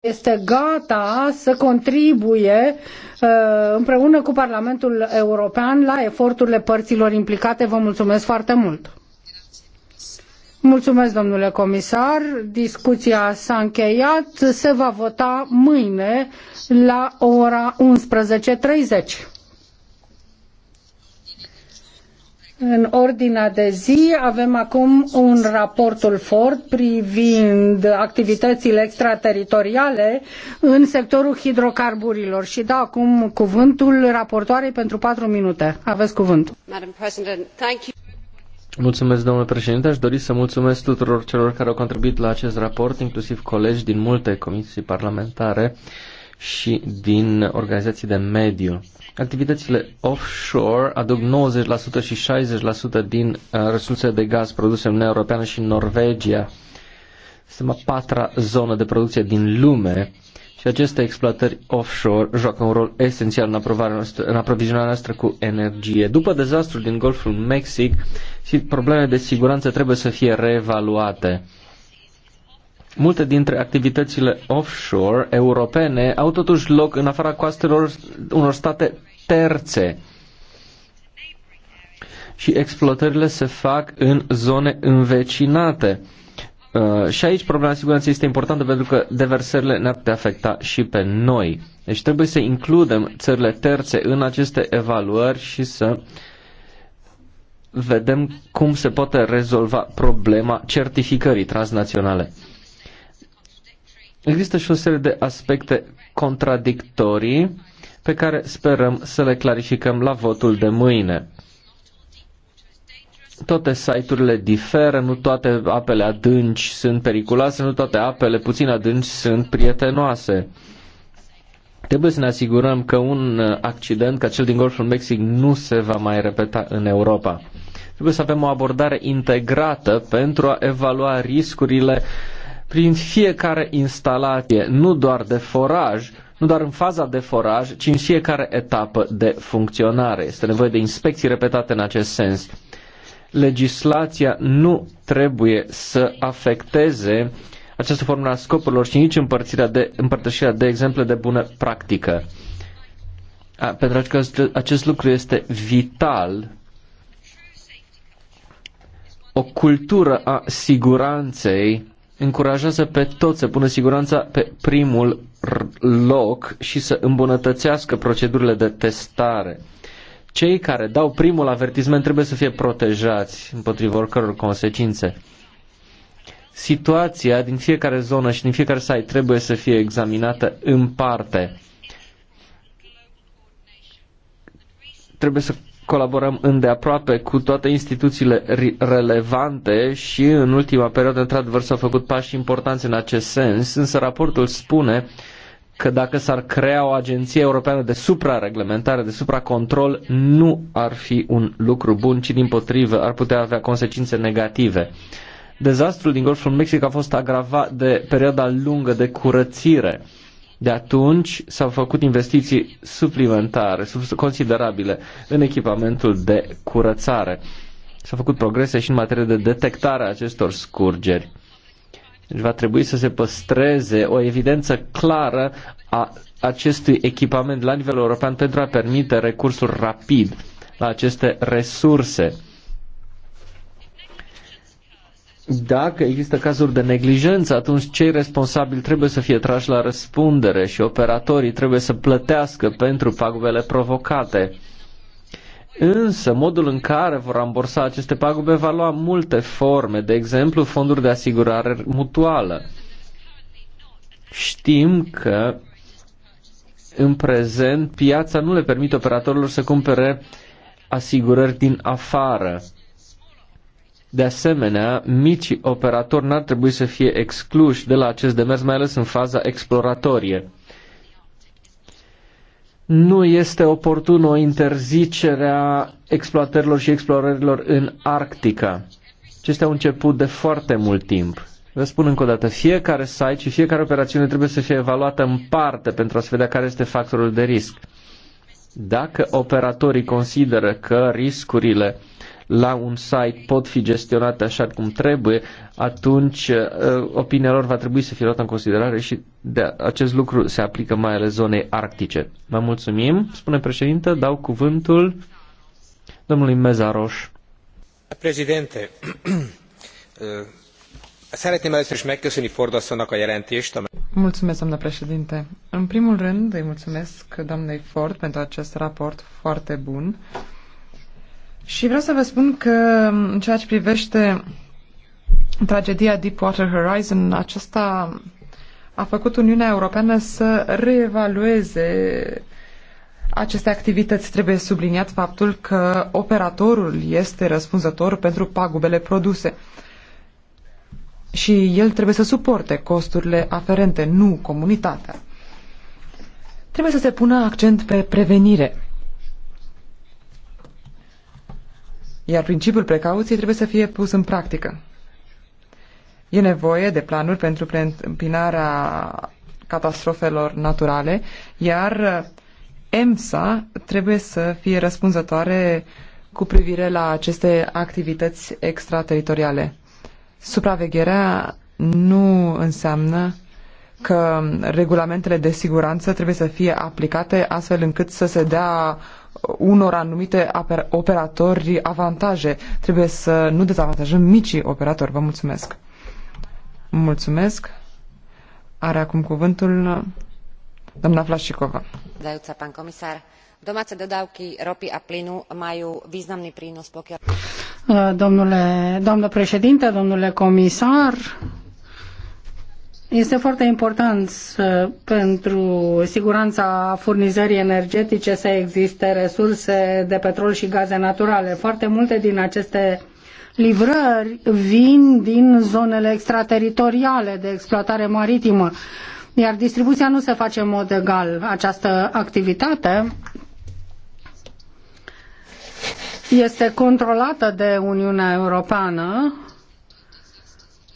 este gata să contribuie uh, împreună cu Parlamentul European la eforturile părților implicate. Vă mulțumesc foarte mult! Mulțumesc, domnule comisar. Discuția s-a încheiat. Se va vota mâine la ora 11.30. În ordinea de zi avem acum un raportul Ford privind activitățile extrateritoriale în sectorul hidrocarburilor și dau acum cuvântul raportoarei pentru patru minute. Aveți cuvântul. Mulțumesc, domnule președinte. Aș dori să mulțumesc tuturor celor care au contribuit la acest raport, inclusiv colegi din multe comisii parlamentare și din organizații de mediu. Activitățile offshore aduc 90% și 60% din uh, resursele de gaz produse în Uniunea Europeană și în Norvegia. Suntem a patra zonă de producție din lume și aceste exploatări offshore joacă un rol esențial în, noastră, în aprovizionarea noastră cu energie. După dezastrul din Golful Mexic, și problemele de siguranță trebuie să fie reevaluate. Multe dintre activitățile offshore europene au totuși loc în afara coastelor unor state terțe și exploatările se fac în zone învecinate. Uh, și aici problema siguranței este importantă pentru că deversările ne-ar putea afecta și pe noi. Deci trebuie să includem țările terțe în aceste evaluări și să vedem cum se poate rezolva problema certificării transnaționale. Există și o serie de aspecte contradictorii pe care sperăm să le clarificăm la votul de mâine. Toate site-urile diferă, nu toate apele adânci sunt periculoase, nu toate apele puțin adânci sunt prietenoase. Trebuie să ne asigurăm că un accident ca cel din Golful Mexic nu se va mai repeta în Europa. Trebuie să avem o abordare integrată pentru a evalua riscurile prin fiecare instalație, nu doar de foraj, nu doar în faza de foraj, ci în fiecare etapă de funcționare. Este nevoie de inspecții repetate în acest sens. Legislația nu trebuie să afecteze această formă a scopurilor și nici împărțirea de, împărtășirea de exemple de bună practică. Pentru că acest lucru este vital o cultură a siguranței încurajează pe toți să pună siguranța pe primul loc și să îmbunătățească procedurile de testare. Cei care dau primul avertisment trebuie să fie protejați împotriva oricăror consecințe. Situația din fiecare zonă și din fiecare site trebuie să fie examinată în parte. Trebuie să colaborăm îndeaproape cu toate instituțiile relevante și în ultima perioadă, într-adevăr, s-au făcut pași importanți în acest sens, însă raportul spune că dacă s-ar crea o agenție europeană de suprareglementare, de supracontrol, nu ar fi un lucru bun, ci din potrivă ar putea avea consecințe negative. Dezastrul din Golful Mexic a fost agravat de perioada lungă de curățire de atunci s-au făcut investiții suplimentare, considerabile, în echipamentul de curățare. S-au făcut progrese și în materie de detectare a acestor scurgeri. Deci va trebui să se păstreze o evidență clară a acestui echipament la nivel european pentru a permite recursul rapid la aceste resurse dacă există cazuri de neglijență, atunci cei responsabili trebuie să fie trași la răspundere și operatorii trebuie să plătească pentru pagubele provocate. Însă, modul în care vor rambursa aceste pagube va lua multe forme, de exemplu, fonduri de asigurare mutuală. Știm că în prezent piața nu le permite operatorilor să cumpere asigurări din afară. De asemenea, micii operatori n-ar trebui să fie excluși de la acest demers, mai ales în faza exploratorie. Nu este oportună o interzicere a exploatărilor și explorărilor în Arctica. Acestea au început de foarte mult timp. Vă spun încă o dată, fiecare site și fiecare operațiune trebuie să fie evaluată în parte pentru a se vedea care este factorul de risc. Dacă operatorii consideră că riscurile la un site pot fi gestionate așa cum trebuie, atunci uh, opinia lor va trebui să fie luată în considerare și de acest lucru se aplică mai ales zonei arctice. Vă mulțumim, spune președinte, dau cuvântul domnului Mezaroș. Președinte, uh, Szeretném először is megköszönni Ford a jelentést. Mulțumesc, doamnă președinte. În primul rând, îi mulțumesc doamnei Ford pentru acest raport foarte bun și vreau să vă spun că în ceea ce privește tragedia Deepwater Horizon, aceasta a făcut Uniunea Europeană să reevalueze aceste activități. Trebuie subliniat faptul că operatorul este răspunzător pentru pagubele produse și el trebuie să suporte costurile aferente, nu comunitatea. Trebuie să se pună accent pe prevenire iar principiul precauției trebuie să fie pus în practică. E nevoie de planuri pentru preîntâmpinarea catastrofelor naturale, iar uh, EMSA trebuie să fie răspunzătoare cu privire la aceste activități extrateritoriale. Supravegherea nu înseamnă că regulamentele de siguranță trebuie să fie aplicate astfel încât să se dea unor anumite operatori avantaje. Trebuie să nu dezavantajăm micii operatori. Vă mulțumesc. Mulțumesc. Are acum cuvântul doamna Flașicova. Dajúca, pán komisár, domáce dodávky ropy a plynu majú významný prínos, pokiaľ... Domnule, domnule președinte, domnule comisar, este foarte important pentru siguranța furnizării energetice să existe resurse de petrol și gaze naturale. Foarte multe din aceste livrări vin din zonele extrateritoriale de exploatare maritimă, iar distribuția nu se face în mod egal. Această activitate este controlată de Uniunea Europeană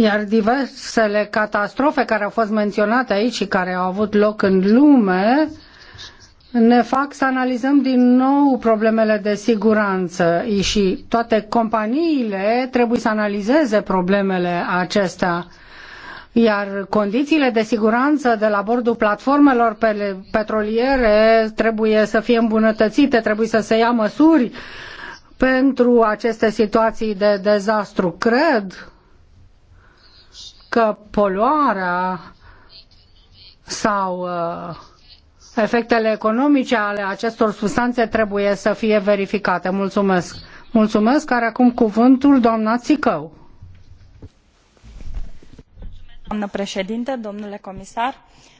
iar diversele catastrofe care au fost menționate aici și care au avut loc în lume ne fac să analizăm din nou problemele de siguranță și toate companiile trebuie să analizeze problemele acestea iar condițiile de siguranță de la bordul platformelor petroliere trebuie să fie îmbunătățite, trebuie să se ia măsuri pentru aceste situații de dezastru. Cred că poluarea sau uh, efectele economice ale acestor substanțe trebuie să fie verificate. Mulțumesc. Mulțumesc. Care acum cuvântul doamna Țicău. Doamnă președinte, domnule comisar,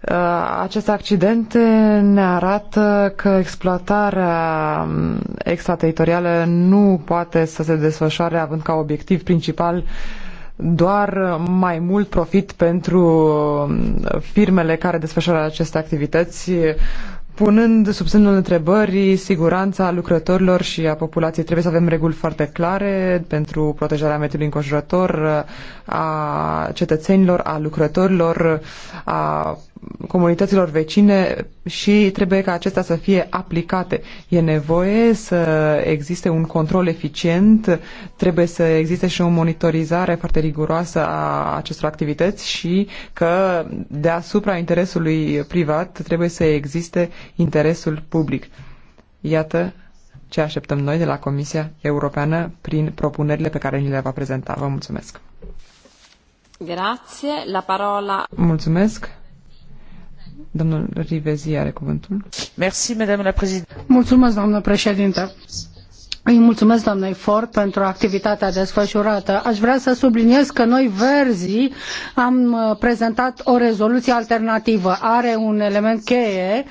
Uh, aceste accidente ne arată că exploatarea um, extrateritorială nu poate să se desfășoare având ca obiectiv principal doar mai mult profit pentru um, firmele care desfășoară aceste activități, punând sub semnul întrebării siguranța lucrătorilor și a populației. Trebuie să avem reguli foarte clare pentru protejarea mediului înconjurător, uh, a cetățenilor, a lucrătorilor, a comunităților vecine și trebuie ca acestea să fie aplicate. E nevoie să existe un control eficient, trebuie să existe și o monitorizare foarte riguroasă a acestor activități și că deasupra interesului privat trebuie să existe interesul public. Iată ce așteptăm noi de la Comisia Europeană prin propunerile pe care ni le va prezenta. Vă mulțumesc! Grazie, la parola. Mulțumesc. Domnul Rivezi are cuvântul. Merci, madame la președinte. Mulțumesc, doamnă președinte. Îi mulțumesc doamnei Ford pentru activitatea desfășurată. Aș vrea să subliniez că noi, verzii, am uh, prezentat o rezoluție alternativă. Are un element cheie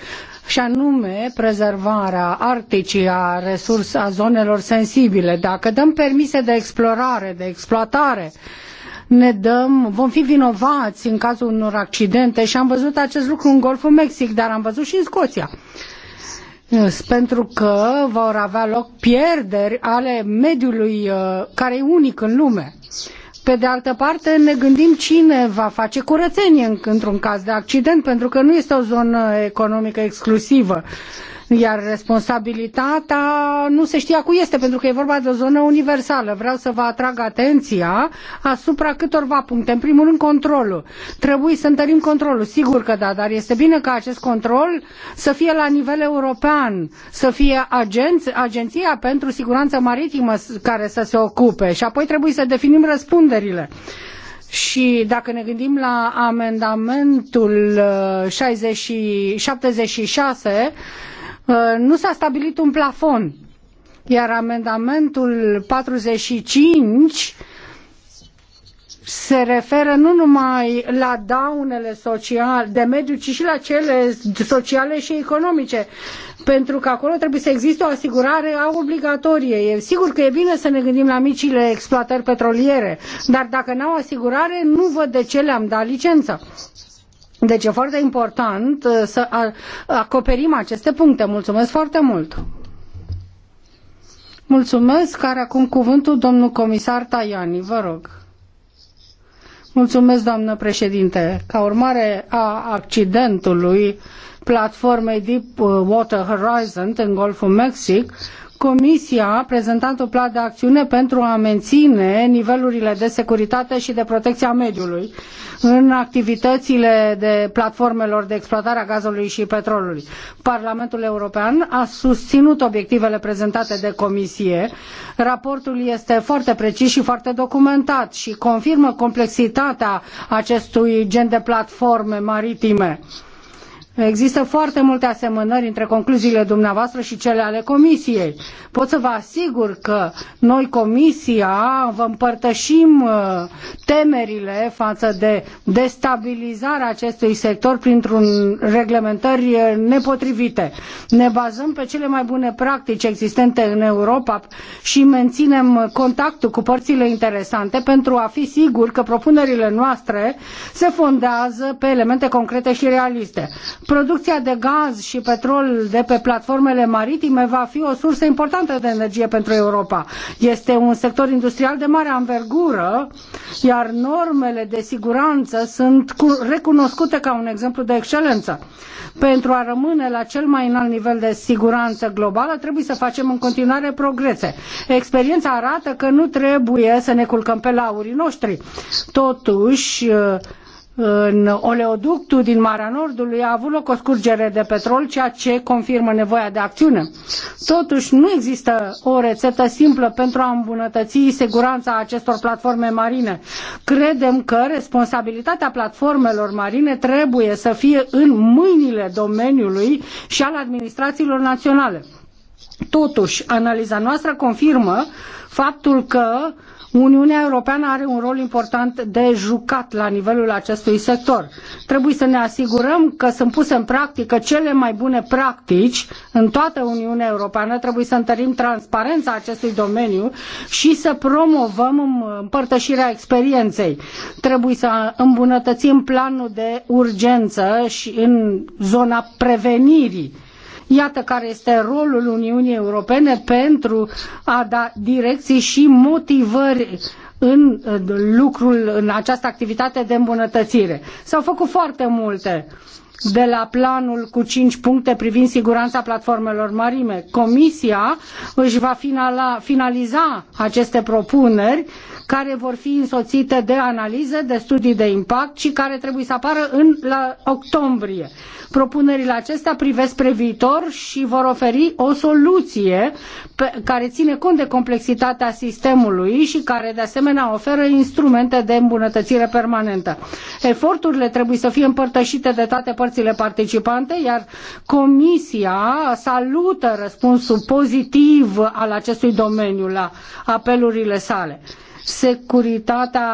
și anume prezervarea arcticii a resurs a zonelor sensibile. Dacă dăm permise de explorare, de exploatare, uh, ne dăm, vom fi vinovați în cazul unor accidente și am văzut acest lucru în Golful Mexic, dar am văzut și în Scoția pentru că vor avea loc pierderi ale mediului uh, care e unic în lume. Pe de altă parte, ne gândim cine va face curățenie într-un caz de accident, pentru că nu este o zonă economică exclusivă. Uh, iar responsabilitatea nu se știa cui este, pentru că e vorba de o zonă universală. Vreau să vă atrag atenția asupra câtorva puncte. În primul rând, controlul. Trebuie să întărim controlul, sigur că da, dar este bine ca acest control să fie la nivel european, să fie agenți, Agenția pentru Siguranță Maritimă care să se ocupe și apoi trebuie să definim răspunderile. Și dacă ne gândim la amendamentul 60, uh, 76, Uh, nu s-a stabilit un plafon, iar amendamentul 45 se referă nu numai la daunele sociale, de mediu, ci și la cele sociale și economice. Pentru că acolo trebuie să existe o asigurare obligatorie. E sigur că e bine să ne gândim la micile exploatări petroliere, dar dacă n-au asigurare, nu văd de ce le-am dat licența. Deci e foarte important uh, să acoperim aceste puncte. Mulțumesc foarte mult! Mulțumesc, care acum cuvântul domnul comisar Tajani, vă rog. Mulțumesc, doamnă președinte. Ca urmare a accidentului platformei Deep Water Horizon în Golful Mexic, Comisia a prezentat un plan de acțiune pentru a menține nivelurile de securitate și de protecție a mediului în activitățile de platformelor de exploatare a gazului și petrolului. Parlamentul European a susținut obiectivele prezentate de Comisie. Raportul este foarte precis și foarte documentat și confirmă complexitatea acestui gen de platforme maritime. Există foarte multe asemănări între concluziile dumneavoastră și cele ale Comisiei. Pot să vă asigur că noi, Comisia, vă împărtășim uh, temerile față de destabilizarea acestui sector printr-un reglementări nepotrivite. Ne bazăm pe cele mai bune practici existente în Europa și menținem contactul cu părțile interesante pentru a fi siguri că propunerile noastre se fondează pe elemente concrete și realiste. Producția de gaz și petrol de pe platformele maritime va fi o sursă importantă de energie pentru Europa. Este un sector industrial de mare anvergură, iar dar normele de siguranță sunt recunoscute ca un exemplu de excelență. Pentru a rămâne la cel mai înalt nivel de siguranță globală, trebuie să facem în continuare progrese. Experiența arată că nu trebuie să ne culcăm pe laurii noștri. Totuși, în oleoductul din Marea Nordului a avut loc o scurgere de petrol, ceea ce confirmă nevoia de acțiune. Totuși, nu există o rețetă simplă pentru a îmbunătăți siguranța acestor platforme marine. Credem că responsabilitatea platformelor marine trebuie să fie în mâinile domeniului și al administrațiilor naționale. Totuși, analiza noastră confirmă faptul că Uniunea Europeană are un rol important de jucat la nivelul acestui sector. Trebuie să ne asigurăm că sunt puse în practică cele mai bune practici în toată Uniunea Europeană. Trebuie să întărim transparența acestui domeniu și să promovăm împărtășirea experienței. Trebuie să îmbunătățim planul de urgență și în zona prevenirii Iată care este rolul Uniunii Europene pentru a da direcții și motivări în lucrul, în această activitate de îmbunătățire. S-au făcut foarte multe de la planul cu cinci puncte privind siguranța platformelor marine. Comisia își va finala, finaliza aceste propuneri care vor fi însoțite de analize, de studii de impact și care trebuie să apară în la octombrie. Propunerile acestea privesc spre viitor și vor oferi o soluție pe, care ține cont de complexitatea sistemului și care de asemenea oferă instrumente de îmbunătățire permanentă. Eforturile trebuie să fie împărtășite de toate părțile participante, iar Comisia salută răspunsul pozitiv al acestui domeniu la apelurile sale securitatea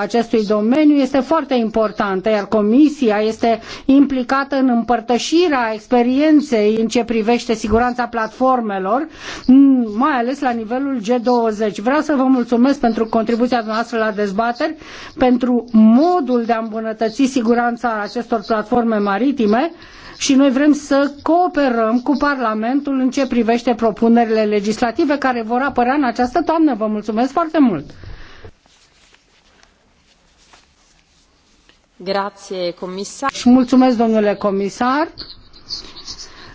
acestui domeniu este foarte importantă, iar Comisia este implicată în împărtășirea experienței în ce privește siguranța platformelor, mai ales la nivelul G20. Vreau să vă mulțumesc pentru contribuția noastră la dezbateri, pentru modul de a îmbunătăți siguranța acestor platforme maritime, și noi vrem să cooperăm cu Parlamentul în ce privește propunerile legislative care vor apărea în această toamnă. Vă mulțumesc foarte mult! comisar. Și mulțumesc, domnule comisar.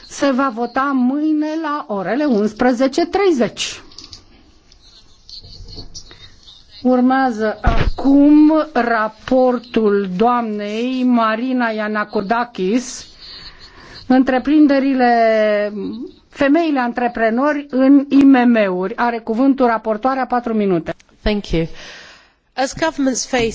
Se va vota mâine la orele 11.30. Urmează acum raportul doamnei Marina Ianacodakis întreprinderile, femeile antreprenori în IMM-uri. Are cuvântul raportoarea patru minute. Thank you. As governments face